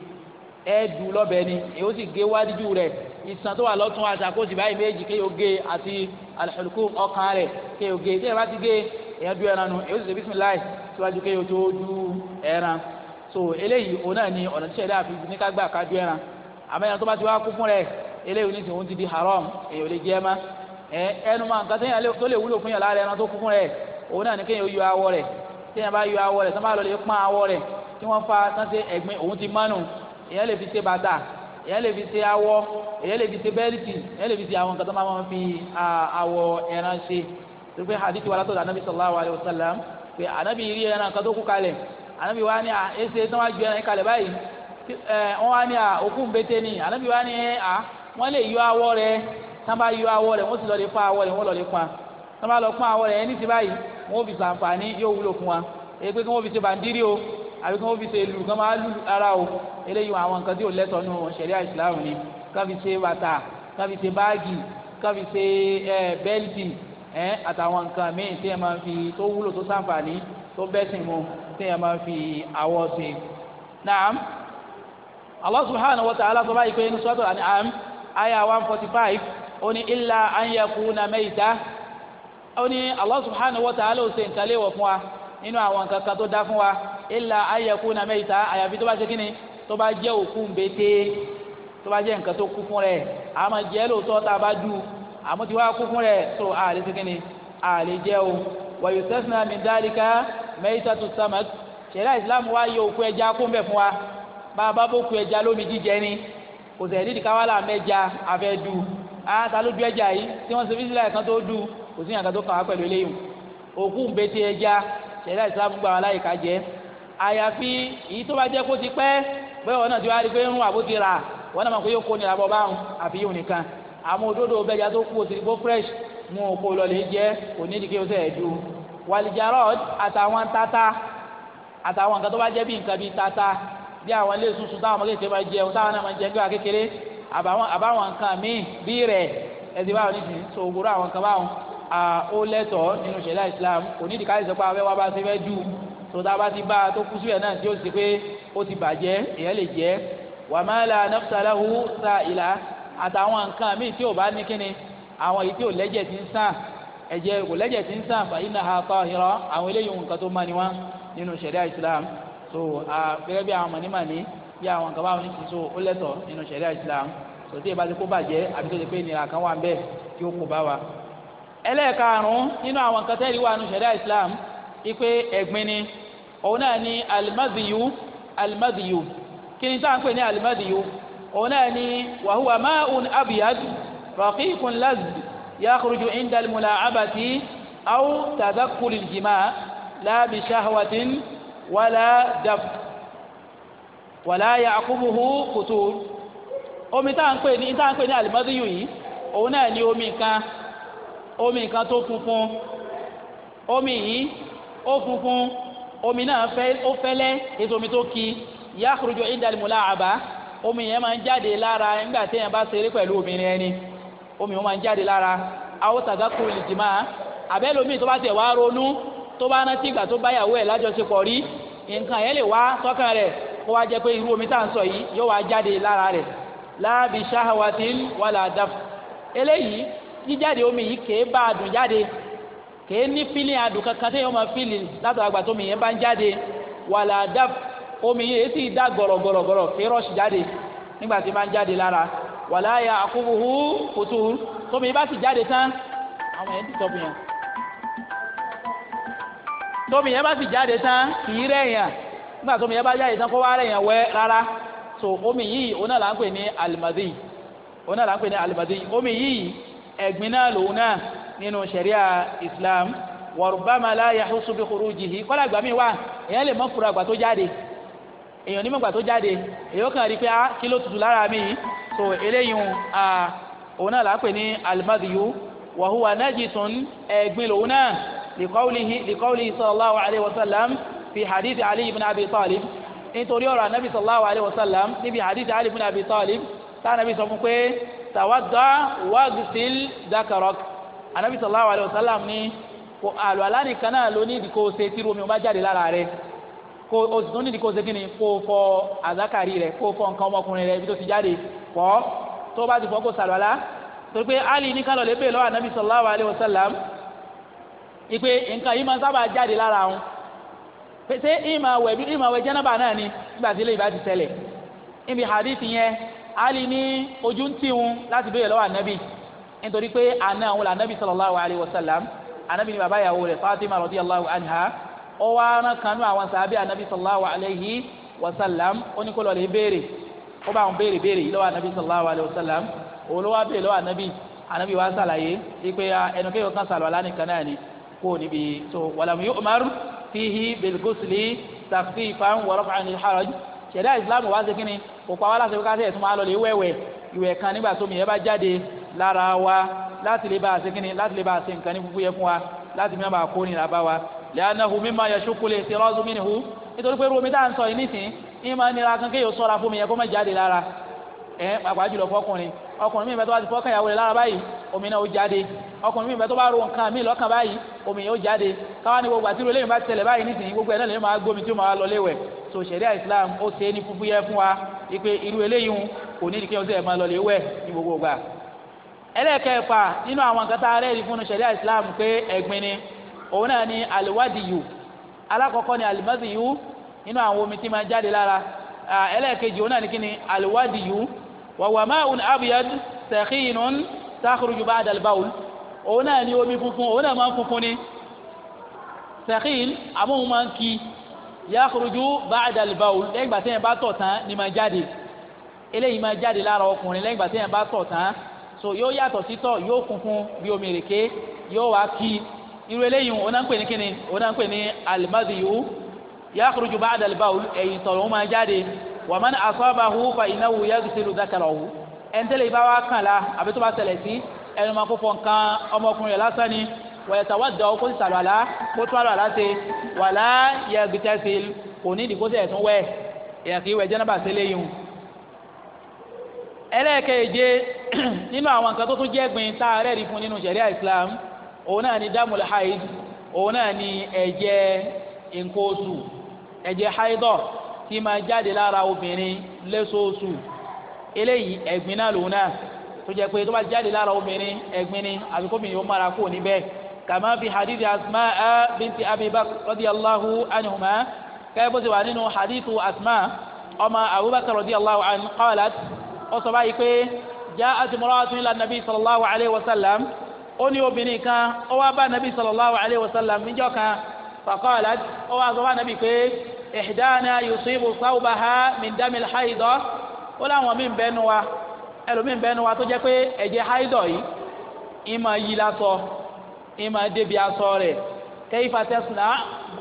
ẹ̀ du lọ́bẹ̀ ni èyí ó sì gé wájú rẹ̀ ìsàn tó wà lọ́tún àtàkóso báyìí méjì kéèyàn ó gé àti àlùkò ọkàn rẹ̀ kéèyàn gé tí bá ti gé èyàn du ẹran nu èyí ó sì ṣe bísímiláì síwájú kéèyàn tó du ẹran so eléyìí òun ni ọ̀nà tí sẹ̀rí àfi ní ká gbà ká du ẹran àmọ́ ẹran eléyìí ní ìsìnkú ti di haram èyàn ò lè jẹ má ẹ ẹnu máa nǹkan téèyàn tó lè wúlò fún yàn lára ẹran tó kúkú rẹ òun náà ní kéèyàn yọ awọ rẹ téèyàn bá yọ awọ rẹ tó lọ lè pọ́n awọ rẹ tí wọ́n fa tán ṣe ẹ̀gbin òun ti mánu èyàn lè fi ṣe bàtà èyàn lè fi ṣe awọ èyàn lè fi ṣe bẹ́ẹ̀lìtì èyàn lè fi ṣe àwọn nǹkan tó máa ń fi awọ ẹran ṣe tó pé hadith wa látọ̀dọ̀ anabi sallallahu alayhi wa sallam pé anabi rí ẹran kan tó kú kalẹ̀ anabi ni ẹsẹ̀ tó wá ju ẹran kalẹ̀ báyìí wọ́n wá ní à òkú ń bété ni anabi wọ́n lè yọ awọ rẹ tí bá yọ awọ rẹ wọ́n sì lọ lè fa awọ rẹ lọ lè awọ rẹ ẹni ti báyìí wọ́n fi sàǹfààní yóò wúlò fún wa èyí kí wọ́n fi ṣe bàǹdírí o àbí kí wọ́n fi ṣe lù kí wọ́n máa lù ara o eléyìí àwọn nǹkan tí ò lẹ́tọ̀ọ́ nù ni ká fi ṣe bàtà ká fi ṣe báàgì ká fi ṣe bẹ́ẹ̀lì àtàwọn nǹkan míì tí máa fi tó wúlò tó sàǹfààní tó bẹ́sìn mu tí máa fi àwọ̀ ṣe. naam wa aya one forty five ó ní illa an yakuna mayta ó ní Allah subhanahu wa ta'ala ó ṣe nǹkan léèwọ̀ fún wa nínú àwọn nǹkan tó dá fún wa illa an yakuna mayta àyàfi tó bá ṣe kíni tó bá jẹ́ òkú mbété tó bá jẹ́ nǹkan tó kú fún rẹ̀ àmọ́ jẹ́ lóòótọ́ tá a bá dù àmọ́ tí wàá kú fún rẹ̀ tó àlè ṣe kíni àlè jẹ́ o wa yustasna min dhalika maytatu samak ṣẹ̀ríà ìsìlámù wa yọ kò sẹ̀ nídìí káwá là mẹ́ja afẹ́ du ata ló du ẹja yìí tí wọ́n ṣe fi sílẹ̀ kan tó du kò sí ìyàgàtó kàn wá pẹ̀lú eléyìí òkú ń betí ẹja ṣẹlẹ̀ ìsìlámù gbà wọn láyìíká jẹ àyàfi èyí tó bá jẹ́ kó ti pẹ́ bẹ́ẹ̀ wọn náà ti wá rí pé ń rún àbótí ra wọn náà mọ̀ pé yóò kó nira bọ́ báwọn àfi yóò nìkan àmọ́ òdodo bẹ́ẹ̀ tó kú òsì fresh mú òkú lọ́lẹ̀ jẹ́ kò ní ìdíkẹ́ ọ̀sẹ̀ ẹ̀dùn wàlìjàrọ̀ àtàwọn tata àtàwọn nǹkan tó bá jẹ́ bí nǹkan bíi tata bí àwọn ilé sunsu táwọn ọmọ kékeré máa jẹun táwọn náà máa jẹun bí wà kékeré àbáwọn nǹkan míì bí rẹ̀ ẹsẹ̀ báwọn ní sìn so ògbóró àwọn nǹkan báwọn ó lẹ́tọ̀ọ́ nínú ṣẹ̀dá Islam kò ní ìdíkàlẹ̀ sọ pé abẹ́ wa bá ṣe fẹ́ jù tó tá a bá ti bá a tó kú síbẹ̀ náà tí ó ti pé ó ti bàjẹ́ èèyàn lè jẹ́ wà nafsalahu sa ìlà àtàwọn nǹkan míì tí ò bá ní kíni àwọn èyí tí ò lẹ́jẹ̀ ti ń sàn ẹ̀jẹ̀ kò lẹ́jẹ̀ ti ń sàn fa innaha tahira àwọn eléyìí nǹkan tó máa ni wá nínú ṣẹ̀dá Islam so gẹ́gẹ́ bí àwọn mọ̀nímọ̀ ní bí àwọn kan báwọn oníṣìí so ó lẹ́tọ̀ nínú ṣẹ̀ríà Islam so tí ìbá ti kó bàjẹ́ àbí tó ti pé ìnira kan wà ń bẹ̀ kí ó kó bá wa. ẹlẹ́ẹ̀karùn-ún nínú àwọn kan tẹ́lẹ̀ wà nínú ṣẹ̀ríà Islam ipe ẹ̀gbin ni òun náà ni alimadiyu alimadiyu kí ni táà pè ní alimadiyu òun náà ni wàhùwà máàun abiyad raqiqun lazb yakhruju inda almulaabati aw tadakkulil jima la bi wàlá dab wàlá ya'qubuhu omi tá ń pè ní tá ń pè ní alimadiyu omi kan omi kan tó funfun omi yìí ó funfun omi náà fẹ́ ó fẹ́lẹ́ ètò omi tó ki yakhruju inda al omi yẹn máa ń jáde lára nígbà téèyàn bá ṣeré pẹ̀lú obìnrin ni omi yẹn máa ń jáde lára aw tadhakkuru al-jima' àbẹ́lómi tó bá tẹ̀ wá ronú tó bá rántí tó ẹ̀ lájọṣepọ̀ nǹkan yẹn lè wá sọ́kàn rẹ̀ kó wá jẹ́ pé irú omi tá à ń sọ yìí yóò wá jáde lára rẹ̀ láàbì ṣáhàwátì wàlà àdàf eléyìí jíjáde omi yìí kèé bá a dùn jáde kèé ní fílì àdùn kankan téèyàn máa fílì látàgbà tómi yẹn bá ń jáde wàlà àdàf omi yìí èsì dá gọ̀rọ̀gọ̀rọ̀gọ̀rọ̀ kèé rọ̀ṣì jáde nígbà tí máa ń jáde lára wàlà àyà àkúbùhù kùtù tómi bá sì jáde tán àwọn yẹn ti tọ́ tómi yẹn bá sì jáde tán kì í rẹ̀yàn nígbà tómi yẹn bá jáde tán kó wá rẹ̀yàn wẹ́ rárá so omi yìí òun náà là ń pè ní alimadi òun náà là ń pè ní alimadi omi yìí ẹ̀gbin náà lòun náà nínú ṣẹ̀ríà Islam wàrúbámà láyà ṣùṣùbí khurujihi kọ́lá àgbà mi wà èèyàn lè mọ́ fura àgbà tó jáde èèyàn ní mọ̀gbà tó jáde èèyàn kàn rí pé á ah, kí ló tutù lára mi so eléyìí òun náà là ń pè ní alimadi yìí wàhùwà najisun ẹ̀gbin lòun náà لقوله لقوله صلى الله عليه وسلم في حديث علي بن أبي طالب nítorí ọ̀rọ̀ anabi sallallahu alayhi wa sallam níbi hadith ali bin abi talib tá anabi sọ fún pé tawadda wagsil dakarok anabi sallallahu alayhi wa sallam ní kò àlọ́ aláàdì kan náà ló ní ìdíkò ṣe tí romi bá jáde lára rẹ̀ kò o sì tún ní ìdíkò ṣe kí ni kò fọ àzákàrí rẹ̀ kò fọ nǹkan ọmọkùnrin rẹ̀ ibi tó ti jáde fọ́ tó bá ti fọ́ kò sàlọ́lá torí pé ali ní kálọ̀ lébè lọ́wọ́ anabi sallallahu alayhi wa sallam ipe nǹkan yìí máa sábà jáde lára àwọn pèsè ìmọ̀ àwẹ̀ bí ìmọ̀ àwẹ̀ náà ni nígbà tí ilé ìbá ti ṣẹlẹ̀ níbi hadith yẹn ali ní ojú ń tì wọn láti béèrè lọ́wọ́ ànábì nítorí pé àná àwọn làǹnábì sallallahu alayhi wa sallam ànábì ni bàbá ìyàwó rẹ̀ fatima radiyallahu anha ó wá rán kanú àwọn sàbí ànábì sallallahu alayhi wa sallam ó ní kó lọ lè béèrè ó bá àwọn béèrè béèrè yìí lọ́wọ́ ànábì sallallahu alayhi wa sallam òun ló wá béèrè lọ́wọ́ ànábì ànábì wa sàlàyé wípé kó níbi so wàlámù yóò máa rú fihi bilgusli tàfi fan wọ̀rọ̀fà ní haraj ṣẹ̀dá ìsìlámù wá sí kínní òkú àwọn aláṣẹ ká sẹ̀ tún máa lọ lè wẹ̀wẹ̀ ìwẹ̀ kan nígbà tómi ẹ bá jáde lára wa láti lè bá a láti lè bá a sí ní fúfú yẹ fún wa láti mìíràn bá a kó nira bá wa lẹ́yìn mímọ yẹn ṣókòlè ti rọ́ọ̀zù mí nìhu nítorí pé ruomi tá sọ yìí nísìn ní máa nira kan kéèyàn sọ́ra fún mi yẹ kó má jáde lára ẹ̀ pàpà jùlọ fọkùnrin ọkùnrin mi ìfẹ́ tó wá ti fọ́kàn ìyàwó rẹ̀ lára báyìí omi náà ó jáde ọkùnrin míì bá tó bá ro nǹkan míì lọ́kàn báyìí omi yẹn ó jáde káwá ní gbogbo àtìrò lẹ́yìn bá tẹ̀lẹ̀ báyìí nísìnyí gbogbo ẹ̀ náà lè máa gbómi tí ó máa lọ léwẹ̀ so sẹ̀ríà Islam ó ṣe é ní fúfú yẹ fún wa ipe irú eléyìí hun kò ní ìdíkẹ́ ọ̀sẹ̀ máa lọ léwẹ̀ ní gbogbo ìgbà. ẹlẹ́ẹ̀kẹfà nínú àwọn nǹkan tá a fún Islam pé ẹ̀gbin ni òun náà ni àlùwádìyù ni àlùmọ́sìyù nínú àwọn omi tí máa jáde lára ẹlẹ́ẹ̀kejì òun náà ni kí takhruju ba'da al-bawl òun náà ní omi funfun òun náà máa ń funfun ni sakhil amóhun máa ń ki yakhruju ba'da al-bawl lẹ́yìn gbà téèyàn bá tọ̀ tán ni máa jáde eléyìí máa jáde lára ọkùnrin lẹ́yìn gbà téèyàn bá tọ̀ tán so yóò yàtọ̀ sítọ̀ yóò funfun bí omi rèké yóò wá ki irú eléyìí òun náà ń pè ní kíni òun náà ń pè ní al-madhiyu yakhruju ba'da ẹ̀yìn tọ̀ ẹnitẹ́lẹ̀ ìbá wa kàn la àbí tó bá ṣẹlẹ̀ sí ẹnu máa kó fọ nǹkan ọmọkùnrin rẹ̀ lásán ni wọ̀yẹ̀tà wà dọ̀ kó sì sàlọ̀ àlá kó tó àlọ́ àlá ṣe wàlá yẹ gbìtẹ́sì kò ní ìdìbò sẹ̀ tún wẹ̀ èèyàn kì í wẹ̀ jẹ́nàbà sí léyìn ẹlẹ́ẹ̀keje <clears throat> nínú àwọn nǹkan tó tún jẹ́ gbin tá a rẹ́ẹ̀rí fún nínú ṣẹ̀ríà Islam òun náà ni dámùl haid òun náà ni ẹ̀jẹ̀ nǹkan oṣù ẹ̀jẹ̀ haidọ̀ tí máa jáde lára obìnrin lẹ́sọ̀ọ̀sù eléyìí ẹ̀gbin náà lòun náà tó jẹ́ pé tó bá jáde lára obìnrin ẹ̀gbin ni àbí kómi yóò mára kó níbẹ̀ kàmá fi hadith asma binti abibak radiyallahu anhuma kẹ́ẹ́ bó ti wà nínú hadithu asma ọmọ abubakar radiyallahu anhu qalat ó sọ báyìí pé ja'at imra'atun ila nabi sallallahu alayhi wa sallam ó ní obìnrin kan ó wá bá nabi sallallahu alayhi wa sallam níjọ́ kan faqalat ó wá sọ bá nabi pé ihdana yusibu sawbaha min damil ó láwọn míì ń bẹ́nu wa ẹlòmíì ń bẹ́nu wa tó jẹ́ pé ẹ̀jẹ̀ haidọ̀ yìí ìmọ̀ yí lásọ ìmọ̀ débi asọ rẹ̀ kayfa tasna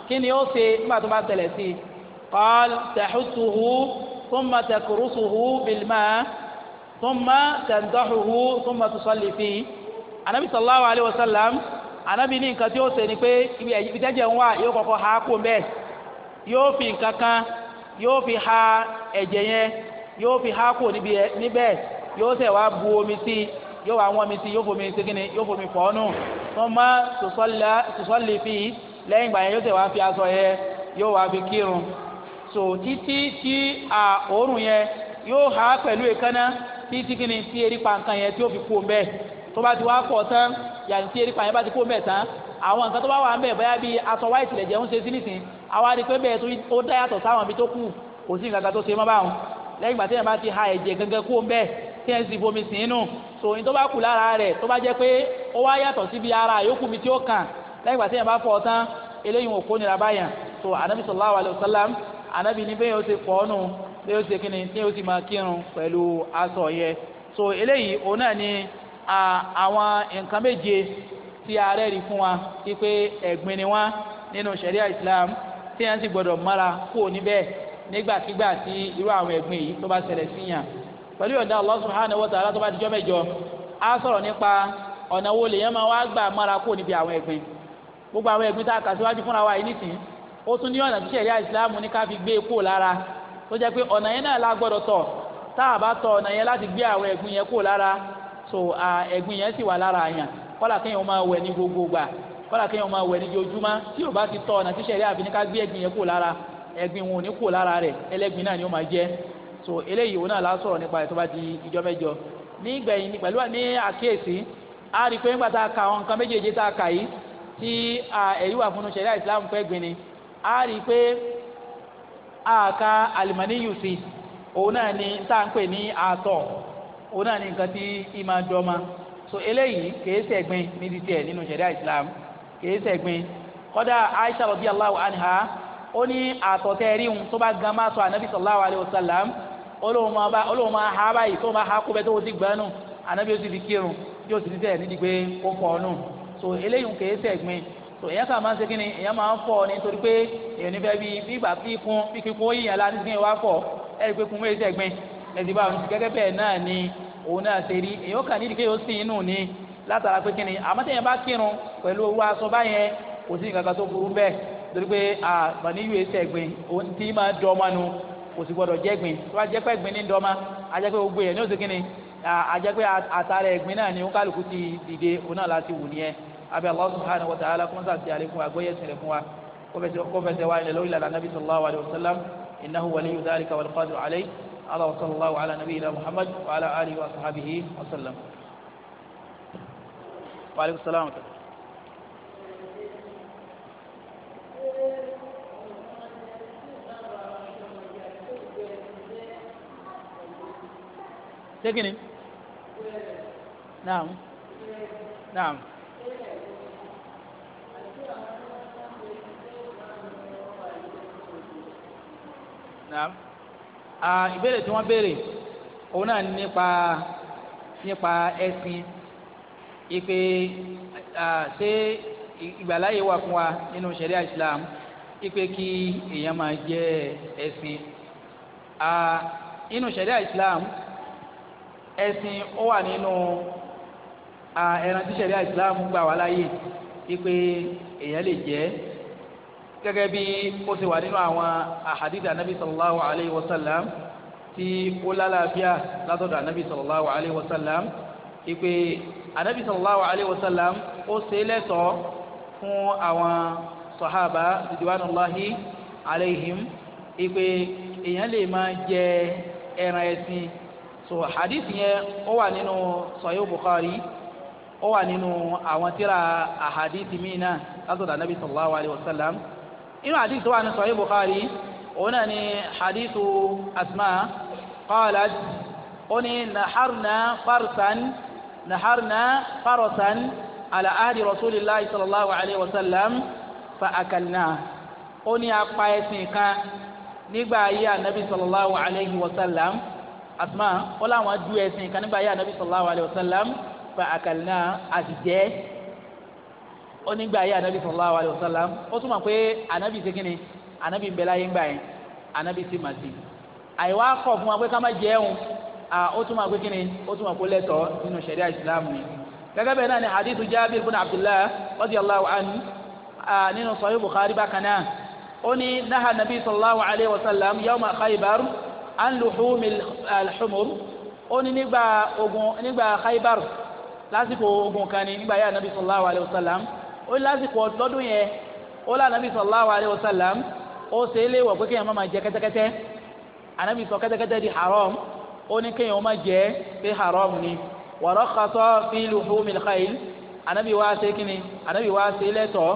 kí ni ó ṣe nígbà tó bá tẹ̀lẹ̀ sí i qal tahussuhu thumma takrusuhu bil ma' thumma tandahuhu thumma tusalli fihi anabi sallallahu alayhi wa sallam anabi ní nǹkan tí ó ṣe ni pé ibi tẹ́jẹ̀ ń wà yóò kọ́kọ́ ha kó mbẹ́ yóò fi nǹkan kan yóò fi ha ẹ̀jẹ̀ yẹn yóò fi há kò níbi ẹ níbẹ̀ yóò sẹ̀ wá bu omi sí i yóò wá wọ́n mi sí i yóò fomi sí kíni yóò fomi fọ́ nù tó má sòsọ́lì fi lẹ́yìn ìgbà yẹn yóò sẹ̀ wá fi aṣọ yẹn yóò wá fi kírun so títí tí a òórùn yẹn yóò há pẹ̀lú èékánná títí kíni tí erí pa nǹkan yẹn tí ó fi kú mbẹ́ tó bá ti wá pọ̀ tán yàtí tí erí pa yẹn bá ti kú mbẹ́ tán àwọn nǹkan tó bá wà mbẹ́ bóyá bíi aṣọ wáìtì lẹ̀ jẹun ṣe sí nìsín àwa rí i pé bẹ́ẹ̀ tó dá sáwọn ibi tó kù kò sí nǹkan kan tó ṣe mọ́ báwọn lẹ́yìn ìgbà téèyàn bá ti ha ẹ̀jẹ̀ gẹ́gẹ́ kó ń bẹ́ẹ̀ téèyàn sì bomi sí inú so ní tó bá kù lára rẹ̀ tó bá jẹ́ pé ó wá yàtọ̀ síbi ara yòókù mi tí ó kàn lẹ́yìn ìgbà bá fọ̀ tán eléyìí wọn kò nira báyàn so anabi sallallahu alayhi wa sallam anabi ní bẹ́ẹ̀ yóò ti pọ̀ ọ́nù bẹ́ẹ̀ yóò ti kíni bẹ́ẹ̀ yóò ti máa kírun pẹ̀lú aṣọ yẹ so eléyìí òun náà ni àwọn nǹkan méje tí ààrẹ rí fún wa wípé ẹ̀gbin ni wọ́n nínú ṣẹ̀ríà Islam tí wọ́n sì gbọ́dọ̀ mọ́ra kúrò níbẹ̀ nígbàkigbà tí irú àwọn ẹ̀gbìn yìí tó bá ṣẹlẹ̀ síyàn pẹ̀lú ọ̀dà Allah subhanahu wa ta'ala tó bá dijọ́ mẹ́jọ á sọ̀rọ̀ nípa ọ̀nà wo lèèyàn máa wá gbà mára kó níbi àwọn ẹ̀gbìn gbogbo àwọn ẹ̀gbìn tá a kà síwájú fúnra wa yìí nìsín ó tún ní ọ̀nà tí ṣẹ̀ríà ìsìláàmù ní ká fi gbé e kó lára tó jẹ́ pé ọ̀nà yẹn náà la gbọ́dọ̀ tọ̀ tá a bá tọ̀ ọ̀nà so ẹ̀gbìn yẹn sì wà lára àyàn kọ́là kéèyàn máa wẹ̀ ní gbogbo gbà kọ́là kéèyàn máa wẹ̀ ní jojúmọ́ tí ò bá ẹ̀gbin wọn ò ní kó lára rẹ̀ ẹlẹ́gbin náà ni ó máa jẹ́ so eléyìí òun náà la sọ̀rọ̀ nípa ẹ̀ tó bá di ìjọ mẹ́jọ nígbẹ̀yìn ni pẹ̀lú ní àkíyèsí a rí i pé nígbà tá a ka àwọn nǹkan méjèèjì tá a kà yìí tí ẹ̀rí wà fúnnu ṣẹ̀ríà Islam fẹ́ gbin ni a rí i pé a ka alimaniyu sí òun náà ni tá à ń pè ní àtọ̀ òun náà ni nǹkan tí ì máa dọ́ma so eléyìí kèé sẹ̀gbin ní ti tiẹ̀ nínú ṣẹ̀ríà Islam kèé sẹ̀gbin kọ́dà Aisha radiyallahu anha ó ní àtọ̀tẹ́ rí òun tó bá gan máa sọ ànábì sallallahu alaihi wasallam olóhùn máa ha báyìí tó máa ha kó bẹ́ẹ̀ tó ti gbanú ànábì ó sì fi kírun yóò sì tẹ̀ nídìí pé ó fọ̀ ọ́nù so eléyìí kèé sẹ̀gbìn so èyàn kà máa ń ṣe kíni èyàn máa ń fọ̀ nítorí pé èyàn nífẹ̀ẹ́ bí bígbà kíkún bí kíkún yìnyín la ní sìnkìn wá fọ̀ ẹ̀rí pé kún méjì sẹ̀gbìn ẹ̀sìn bá òun gẹ́gẹ́ bẹ́ẹ̀ náà ni òun náà ṣe rí èyàn kà nídìí pé yóò sìn inú ni látara pé kíni torí pé a bani yóò ṣe ẹgbin ohun tí máa dọ́ ọmọ nu kò sì gbọdọ̀ jẹ́ gbin tó bá jẹ́ pé ẹgbin ní dọ́ ma ajẹ́ pé gbogbo yẹn ní oṣù kínní ajẹ́ pé àtàrà ẹgbin náà ni kálukú ti dìde òun náà láti wù ní ẹ abẹ́ Allah subhanahu wa ta'ala kó ń sàtì àlékún àgbóyè sẹ̀rẹ̀ fún wa kó fẹsẹ̀ wá wa sallam ala wa sallallahu ala nabiyyina muhammad wa ala alihi wa sahbihi wa sallam. wa alaykum salaam wa rahmatulah. Ṣékìní? Naam. Naam. Naam. Ah, ìbéèrè tí wọ́n béèrè òun náà nípa nípa ẹ̀sìn ìpè ṣé ìgbàláyè wà fún wa nínú ṣẹ̀ríà Islam ipe kí èèyàn máa jẹ ẹ̀sìn nínú ṣẹ̀ríà Islam ẹ̀sìn ó wà nínú ẹran tí ṣẹ̀ríà Islam gbà wá láyè ipe èèyàn lè jẹ gẹ́gẹ́ bí ó ṣe wà nínú àwọn àhàdìdà nàbí sallallahu alayhi wa sallam tí ó lálàáfíà látọ̀dọ̀ ànábì sallallahu alayhi wa sallam ipe ànábì sallallahu alayhi wa sallam ó ṣe lẹ́tọ̀ọ́ fún àwọn sọ̀hábà ridwanullahi alayhim ìpè èèyàn lè máa jẹ ẹran ẹ̀sìn so hadith yẹn ó wà nínú sọ̀yọ́ Bukhari ó wà nínú àwọn tíra ahadith míì náà látọ̀dọ̀ anabi sallallahu alayhi wa sallam inú hadith tó wà ní sọ̀yọ́ Bukhari òun náà ni hadith Asma qalat ó ní naharna farsan naharna farsan ala ahdi rasulillahi sallallahu alayhi wa sallam fa akalna ó ní apá ẹ̀sìn kan nígbà ayé anabi sallallahu alayhi wa sallam asma ó láwọn du ẹ̀sìn kan nígbà ayé anabi sallallahu alayhi wa sallam fa akalna àtijẹ ó nígbà ayé anabi sallallahu alayhi wa sallam ó túmọ̀ pé anabi ṣe kíni anabi ń bẹ láyé ń gbà yẹn anabi ti mà sí àìwá kọ̀ fún wa pé ká má jẹun ó túmọ̀ pé kíni ó túmọ̀ pé lẹ́tọ̀ọ́ nínú ṣẹ̀ríà ìsìlámù ni gẹ́gẹ́ bẹ́ẹ̀ náà ni hadithu jabir bin abdullah radiyallahu anhu nínú sahih bukhari bákan náà ó ní naha nabi sallallahu alayhi wa sallam yawma khaybar an luhumil alhumur ó ní nígbà ogun nígbà khaybar lásìkò ogun kan ní nígbà yá nabi sallallahu alayhi wa sallam ó ní lásìkò lọ́dún yẹn ó lá nabi sallallahu alayhi wa sallam ó ṣe é léwọ̀ pé kéèyàn má máa jẹ kẹ́tẹ́kẹ́tẹ́ anabi sọ kẹ́tẹ́kẹ́tẹ́ di haram ó ní kéèyàn má jẹ pé haram ni warakhasa fi luhumil khayl anabi wa ṣe kini anabi wa ṣe lẹ́tọ̀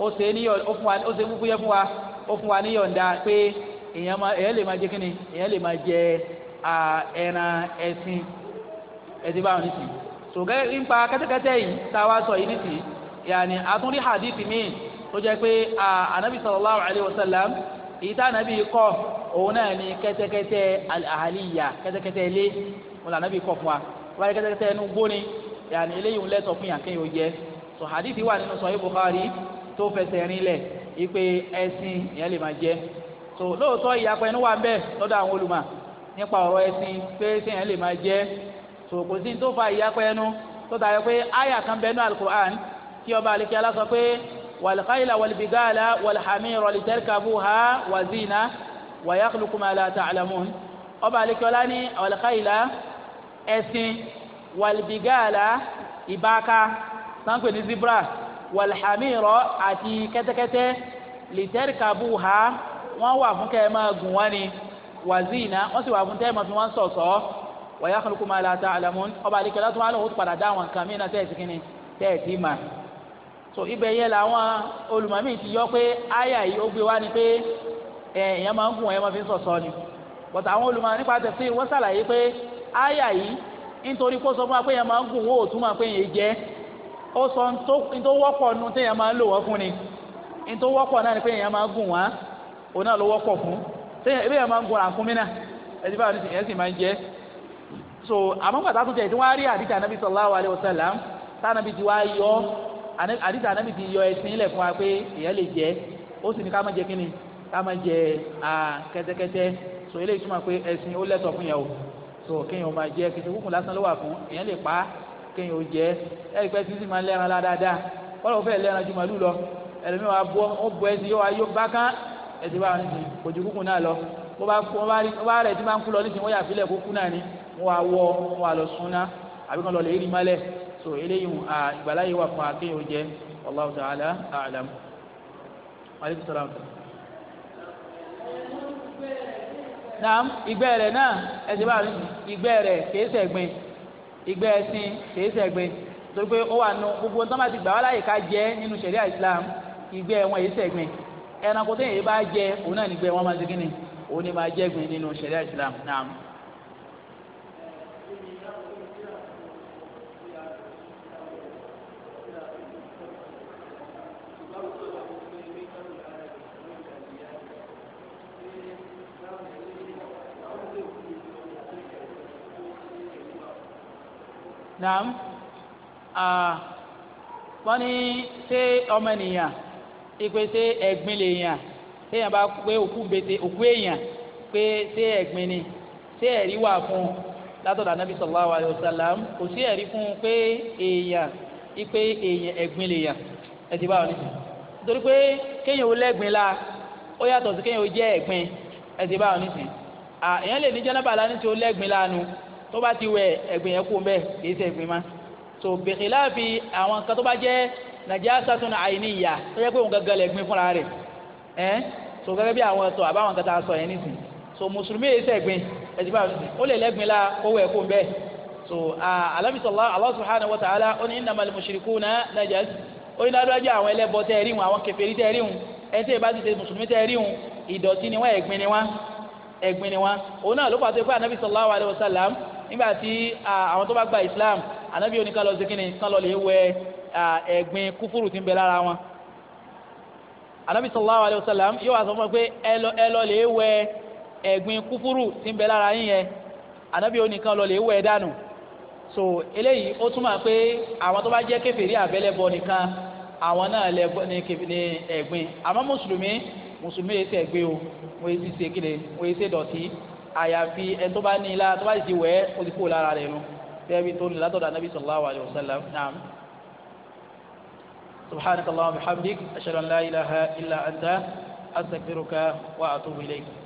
ó ṣe ní ó fún wa ó ṣe fúfú yẹ fún wa ó fún wa ní yọ̀ǹda pé èèyàn ma èèyàn lè máa jẹ kini èèyàn lè máa jẹ ẹran ẹṣin ẹṣin báwọn nìsín sògẹ́ nípa kẹ́tẹ́kẹ́tẹ́ yìí tá a wá sọ yìí nìsín yàní àtúndí hadith mi tó jẹ́ pé anabi sallallahu alayhi wa sallam èyí tá anabi kọ́ òun náà ní kẹ́tẹ́kẹ́tẹ́ al kẹ́tẹ́kẹ́tẹ́ ilé wọn là anabi kọ́ fún wa tọ́ba yẹ kẹ́tẹ́kẹ́tẹ́ ẹnu gbóni yàní eléyìí ń lẹ́tọ̀ fún yàn kéèyàn jẹ sọ hadith wà nínú sọ Bukhari tó fẹsẹ̀ rin lẹ̀ ipe ẹ̀sìn yẹn lè máa jẹ so lóòótọ́ ìyapẹ́ inú wa ń bẹ lọ́dọ̀ àwọn olùmọ̀ nípa ọ̀rọ̀ ẹ̀sìn pé ẹ̀sìn yẹn lè máa jẹ so kò sí tó fa ìyapẹ́ inú tó tayọ pé àyà kan bẹ́ẹ̀ nú al kí ọba àlekí alásọ pé wàlùkáyìlà wàlùbígáàlà wàlùhàmírọ̀ lìtẹ́rìkàbùhà wàzínà wàyàkùlùkùmàlà tààlàmùn ọba àlekí ọlá ní wàlùkáyìlà ẹṣin walbigala ìbáka sanpe ní zebra walhamiro àti kẹ́tẹ́kẹ́tẹ́ literkabuha wọ́n wà fún kẹ́ ẹ máa gùn wọ́n ni wazina wọ́n sì wà fún tẹ́ ẹ máa fi wọ́n ṣọ̀ṣọ́ wàyà kọlùkù máa la ta'lamun ọba àdìgbò láti máa lọ́wọ́ padà dá àwọn nǹkan mìíràn tẹ́ẹ̀tì kínní tẹ́ẹ̀tì mà so ibẹ̀ yẹn làwọn olùmọ̀mí ti yọ pé àyà yìí ó gbé wá ni pé èèyàn máa ń gùn wọ́n yẹn máa fi ń ni bọ̀tà àwọn olùmọ̀ nípa tẹ̀sí wọ́n ṣàlàyé pé aya yìí nítorí kó sọ fún wa pé yẹn máa ń gùn wó òtúmọ̀ pé yẹn jẹ́ ó sọ nítorí wọ́pọ̀ nu téèyàn máa ń lò wọ́n fún ni nítorí wọ́pọ̀ náà ni pé yẹn máa ń gùn wọ́n òun náà ló wọ́pọ̀ fún ebi yẹn máa ń gun àkúnmí náà ẹtì báyìí ní ẹsìn máa ń jẹ so àmọ́ pàtàkì tẹ̀ tí wọ́n á rí àdìtà anábì sallallahu alaihi wasallam tànàbì ti yọ so kéèyàn máa jẹ kí sukùn lásán ló wà fún èèyàn lè pa kéèyàn ó jẹ ẹ̀rí pé títí máa lẹ́ran la dáadáa kọ́lọ́ fẹ́ lẹ́ran ju màlúù lọ ẹlòmíì wàá bọ́ ó bọ́ ẹsẹ̀ yóò wá yó bákán ẹsẹ̀ bá wọn kò ju kúkú náà lọ wọ́n bá wọ́n bá rí wọ́n bá rẹ̀ tí máa ń kú lọ nísìnyí wọ́n yà fílẹ̀ kó kú náà ni wọ́n wá wọ́ wọ́n wá lọ sún àbí kan lọ lè rí malẹ̀ so eléyìí ìgbàláyé wà fún akéèyàn ó jẹ wallahu ta'ala naam ìgbẹ́ rẹ̀ náà ẹsẹ̀ bá ìgbẹ́ rẹ̀ kìí sẹ̀gbìn ìgbẹ́ ẹ̀sìn kìí sẹ̀gbìn torí pé ó wà nù gbogbo tó bá ti gbà wá láyè ká jẹ nínú ṣẹ̀ríà Islam ìgbẹ́ wọn yìí sẹ̀gbìn ẹranko téèyàn bá jẹ òun náà nígbẹ́ wọn máa ń segin ni òun ni máa jẹ́gbìn nínú ṣẹ̀ríà Islam naam. naam wọ́n ní ṣé ọmọ ènìyàn ìpè ṣé ẹ̀gbin lè yàn téèyàn bá pé òkú bete òkú èèyàn pé ṣé ẹ̀gbin ni ṣé ẹ̀rí wà fún un látọ̀dọ̀ anábì sallallahu alaihi wasallam kò sí ẹ̀rí fún un pé èèyàn ìpè èèyàn ẹ̀gbin lè yàn ẹ̀ ti bá wọn nítorí pé kéèyàn ò lẹ́gbin la ó yàtọ̀ sí kéèyàn ò jẹ́ ẹ̀gbin ẹ̀ ti bá wọn nísìnyí èèyàn lè ní jẹ́nàbà lánìí tí ó lẹ́gbin lánàá tó bá ti wẹ̀ ẹ̀gbìn yẹn kú mbẹ́ kì í ṣe ẹ̀gbìn ma so bi khilafi àwọn kan tó bá jẹ́ najasatun àìníyà tó yẹ pé òun gangan lẹ̀ gbin fúnra rẹ̀ ẹ́ so gẹ́gẹ́ bí àwọn sọ àbáwọn kan tá sọ yẹn nísìn so mùsùlùmí yìí sẹ̀gbìn ẹ̀sìn bá ó lè lẹ́gbìn la kó wẹ̀ kú mbẹ́ so alamisalaam Allah subhanahu wa ta'ala ó ní innamal mushrikuna najas ó ní ládùúgbò àwọn ẹlẹ́bọ tẹ́ wọn àwọn kèfèrí nígbà tí àwọn tó bá gba islam anabi oníkà lọ sí kínní kán lọ lè wẹ ẹ̀gbin kúfúrú tí ń bẹ lára wọn anabi sallallahu alayhi wa sallam yóò wá sọ fún mi pé ẹ lọ lè wẹ ẹ̀gbin kúfúrú tí ń bẹ lára yín yẹn anabi oníkà lọ lè wẹ dànù so eléyìí ó túmọ̀ pé àwọn tó bá jẹ́ kèfèrí àbẹ́lẹ́bọ nìkan àwọn náà lẹ́bọ ní ẹ̀gbin àmọ́ mùsùlùmí mùsùlùmí yìí ti ẹ̀gbin o wọ́n yìí ti ṣe kíni wọ́n yìí ti dọ̀tí àyàfi ẹni tó bá ní ilá tó bá sì ti wẹ̀ ẹ́ ó ti kó lára rẹ̀ nu bẹ́ẹ̀ bí tó ní látọ̀dọ̀ anábì sallallahu alayhi wa sallam naam. subhanaka allahumma wa bihamdik ashhadu la ilaha illa anta astaghfiruka wa atubu ilayk.